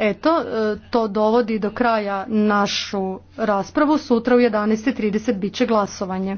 Eto, e, to dovodi do kraja našu raspravu. Sutra u 11.30 bit će glasovanje.